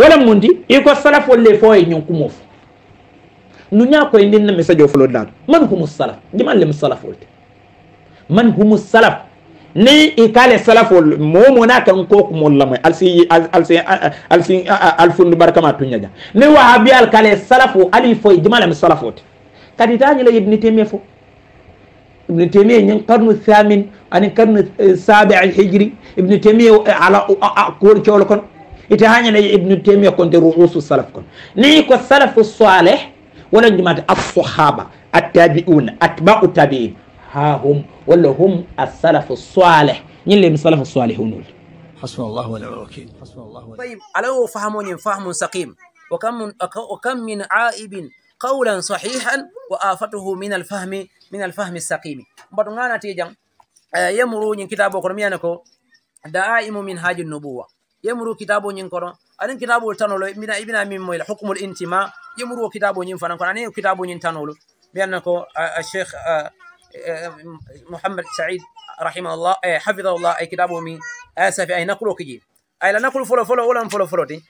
wala mundi iko salaf wolle fo e ñon kumo fo nu ñakoye ndinna message o folod laatu man humu salaf ndiman lem salaf wolte man humu salaf ni i kale salafol moo mo naa kan kooku mol lamoy alsi alsi alsi alfundu barkama tuñaja ni wahabi al kale salafo ali foy jimalami salafote kadi tañila ibni temie fo ابن تيمية ين قرن الثامن عن قرن السابع الهجري ابن تيمية على كور كولكن ita hañanayi ibnu temia konte ruusu salaf kon ni ko salafu salih wala jumaat as-sahaba at-tabi'un atba'u tabi'in ha hum wala hum as-salafu salih ni lim salafu salihun حسبنا الله ونعم الوكيل حسبنا الله ونعم طيب ألو فهموني فهم سقيم وكم من وكم من عائب قولا صحيحا وآفته من الفهم من الفهم السقيم بدون أنا تيجان آه، يمرون كتابه كرميانكو دائم من هاج النبوة يمرو كتابو nyin kono anin kitabo tanolo mina ibina min moyla hukmul intima yemuru kitabo nyin fanan kono anin kitabo nyin tanolo بأن الشيخ آه، آه، محمد سعيد رحمه الله آه، حفظه الله أي كتابو من آسف أي نقلو كي أي لا نقلو فلو فلو ولا فلو فلو دي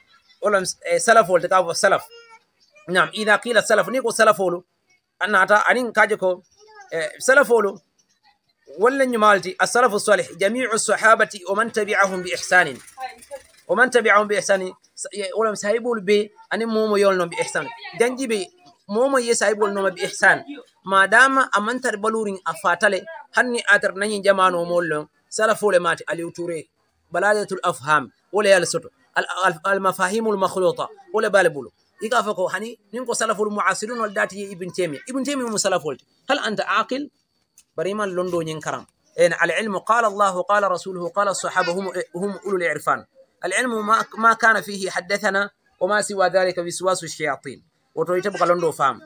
ولا سلف ولا تكاب سلف نعم إذا قيل السلف نيكو سلف انا أن أتا أنين كاجكو سلف ولو ولا نمالتي السلف الصالح جميع الصحابة ومن تبعهم بإحسان ومن تبعهم بإحسان ولم سايبول بي أني مومو يولنم بإحسان جنجي بي مومو يسايبول نوم بإحسان ما دام أمن تربلورين أفاتالي هني أتر نين جمانو مولن سلفول مات توري بلادة الأفهام ولا يلسطو المفاهيم المخلوطة ولا بالبولو إيقا فكو هني ننكو سلفو المعاصرون والداتي ابن تيمي ابن تيمية مسلفولت هل أنت عاقل بريما لندو ينكرم إن يعني العلم قال الله قال رسوله قال الصحابة هم هم أولو العرفان العلم ما, ما كان فيه حدثنا وما سوى ذلك بسواس الشياطين وتوي تبقى لندو فام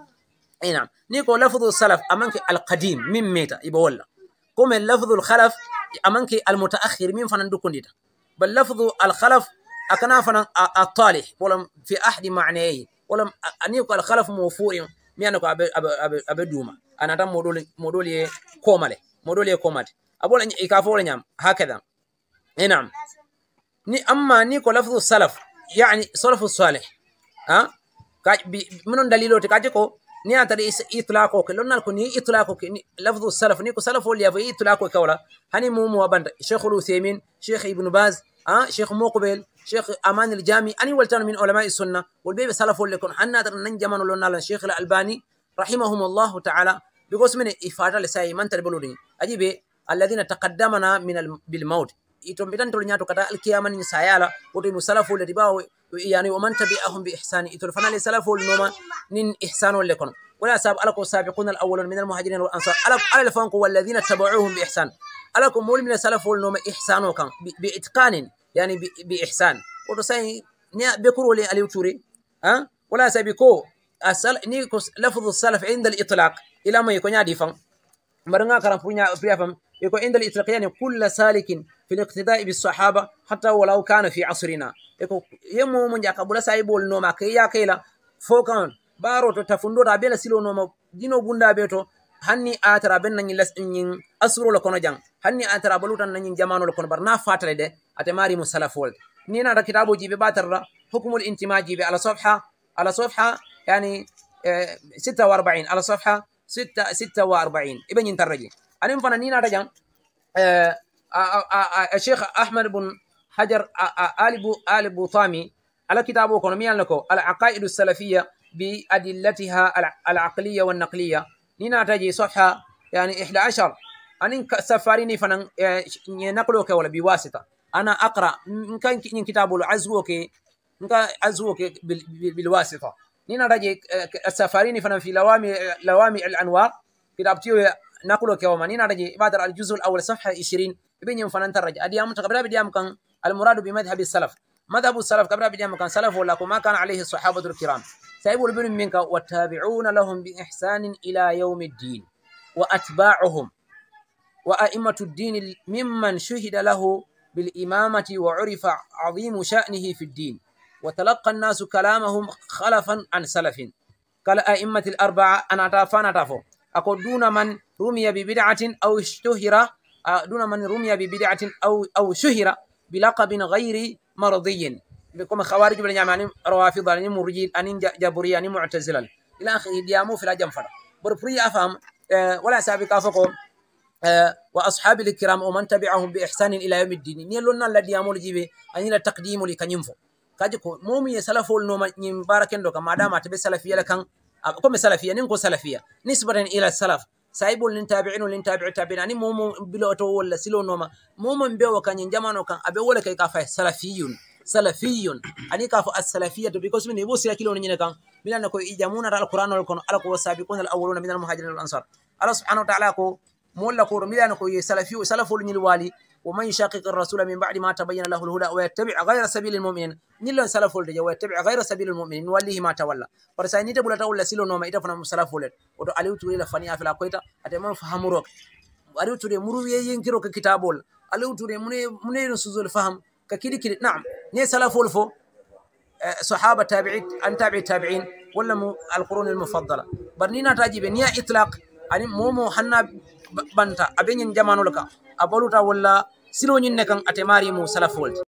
اي نعم نيكو لفظ السلف امانك القديم من ميتا يبولا كم لفظ الخلف امانك المتاخر من فنندكون ديتا بل لفظ الخلف اكنا فن الطالح ولم في احد معنيه ولم انيكو الخلف موفور ميانكو ابي ابي ابي دوما انا دام مودول مودول كومالي مودول كومات ابول يكافور نعم هكذا اي نعم ني أما نيكو لفظ السلف يعني سلف الصالح ها منون دليلو تكاجيكو ني أنت ليس إطلاقه كلون نالكو ني إطلاقه لفظ السلف نيكو سلف اللي يبغى إطلاقه كولا هني مو مو أبند شيخ الوثيمين شيخ ابن باز ها شيخ مقبل شيخ أمان الجامي أني ولتان من علماء السنة والبيب سلف اللي كون حنا ترى ننجمان ولون الشيخ الألباني رحمهم الله تعالى بقسم من إفارة لسائي من تربلوني أجيبي الذين تقدمنا من بالموت itombitantol ñato kata alkiyamani sayala woto ino salafole ti ɓawo yani oman tabi'ahum bi ihsani itol fanale salafol noma nin ihsanol le kono ولا ساب ألكم السابقون الأولون من المهاجرين والأنصار على الفانكو والذين اتبعوهم بإحسان ألكم مول من السلف والنوم إحسان كان بإتقان يعني بإحسان وتساي نيا بكرو لي أليو توري أه ولا سابقو أسأل نيكوس لفظ السلف عند الإطلاق إلى ما يكون يعرفون مرنا كرم فنيا فيهم يكو عند الإطلاقيان كل سالك في الاقتداء بالصحابة حتى ولو كان في عصرنا يكو يمو من جاك بلا سايبو النوم كيا كيلا فوكان بارو تفندو رابيلا سيلو نوم دينو بوندا بيتو hanni atara ben nañi les ñin asuro le kono jang hanni atara balutan nañi jamano le kono bar na fatale de ate mari mu salafol ni na da kitabu jibe batarra hukmul intima jibe ala safha ala safha yani 46 على صفحة ستة ستة وأربعين ابن ينترجي أنا فنانين رجع آه، آه، آه، الشيخ أحمد بن حجر آل بو ثامي على كتابه كونميا كو العقائد السلفية بأدلتها العقلية والنقلية نينا رجع صفحة يعني عشر أنا سفاريني فنان نقلوك ولا بواسطة أنا أقرأ إن كان كتابه عزوك إن كان عزوك بالواسطة نينا راجي آه، السفاريني فنان في لوامي آه، لوامي الانوار كتابتيو نقولو كيوما نينا راجي بعد الجزء الاول صفحه 20 بين يوم فنان ترجع اديام تقبل كان المراد بمذهب السلف مذهب السلف قبل اديام كان سلف ولا ما كان عليه الصحابه الكرام سيبوا البن منك والتابعون لهم باحسان الى يوم الدين واتباعهم وائمه الدين ممن شهد له بالامامه وعرف عظيم شانه في الدين وتلقى الناس كلامهم خلفا عن سلف قال أئمة الأربعة أنا أتافان أتافو أقول دون من رمي ببدعة أو اشتهر آه، دون من رمي ببدعة أو أو شهر بلقب غير مرضي بكم خوارج بن جامع روافض يعني مرجين أن جبري أن معتزلا إلى آخره ديامو في الأجم فرق بربري أفهم آه، ولا سابق أفقه آه، واصحاب الكرام ومن تبعهم باحسان الى يوم الدين نيلونا الذي يامو ديامول أن اني لا تقديم لكنيمفو kaji ko momu ye salafol noma ñin bara kendo ka madama tabe salafiyala kan me salafiya nin ko salafiya nisbatan ila salaf saibul lin tabi'in lin tabi'u tabi'in ni momo bilo to wala silo no noma momo mbewo kan jamano kan abe wala kay ka fa salafiyun salafiyun ani ka fa as to because min ibo sila kilo ñine kan mina ko ijamuna al-qur'an al-qur'an al-sabiqun al-awwaluna min al-muhajirin wal-ansar Allah subhanahu wa ta'ala ko مولا كور ميلان كو سلفي سلف الوالي ومن يشاقق الرسول من بعد ما تبين له الهدى ويتبع غير سبيل المؤمنين نيلان سلف الدجا ويتبع غير سبيل المؤمنين نوليه ما تولى فرسا نيتا بولا تولى سيلو نوما ايتا فنا سلف ولد ودو عليو تولي لفني افلا كويتا فهم روك عليو تولي مرو ينكرو كتابول عليو تولي مني مني سوزول الفهم ككيدي كيدي نعم ني سلف الفو أه، صحابه تابعين ان تابع تابعين ولا القرون المفضله برنينا تاجي بنيا اطلاق يعني مو حنا banta aɓe ñin jamanol ka a baluta walla siloñin ne kan atemari mo salafolde